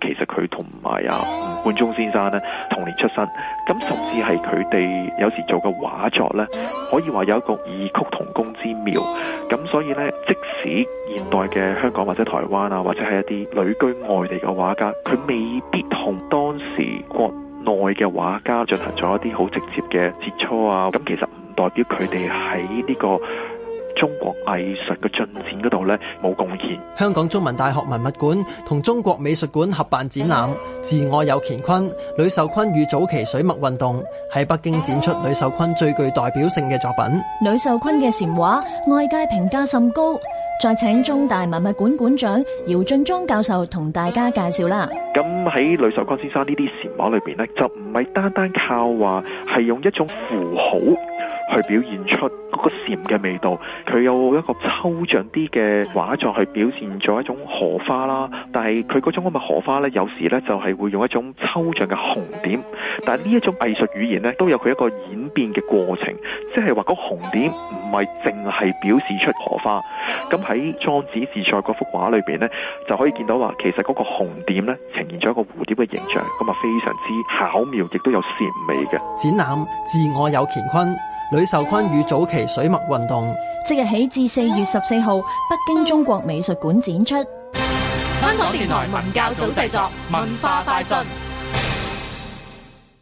其實佢同埋啊吳冠中先生咧同年出生，咁甚至係佢哋有時做嘅畫作咧，可以話有一個異曲同工之妙。咁所以咧，即使現代嘅香港或者台灣啊，或者係一啲旅居外地嘅畫家，佢未必同當時國內嘅畫家進行咗一啲好直接嘅接觸啊。咁其實唔代表佢哋喺呢個中國藝術嘅進展嗰度咧，冇貢獻。香港中文大學文物館同中國美術館合辦展覽《嗯、自我有乾坤》，呂壽琨與早期水墨運動喺北京展出呂壽琨最具代表性嘅作品。呂壽琨嘅禪畫，外界評價甚高。再請中大文物館館長姚進莊教授同大家介紹啦。咁喺呂壽琨先生呢啲禪畫裏邊咧，就唔係單單靠畫，係用一種符號。去表現出嗰個禪嘅味道，佢有一個抽象啲嘅畫作去表現咗一種荷花啦。但係佢嗰種咁嘅荷花呢，有時呢就係會用一種抽象嘅紅點。但係呢一種藝術語言呢，都有佢一個演變嘅過程，即係話個紅點唔係淨係表示出荷花。咁喺莊子自在嗰幅畫裏邊呢，就可以見到話，其實嗰個紅點呢，呈現咗一個蝴蝶嘅形象，咁啊非常之巧妙，亦都有禪味嘅展覽，自我有乾坤。呂壽琨與早期水墨運動，即日起至四月十四號，北京中國美術館展出。香港 電台文教組製作 文化快訊。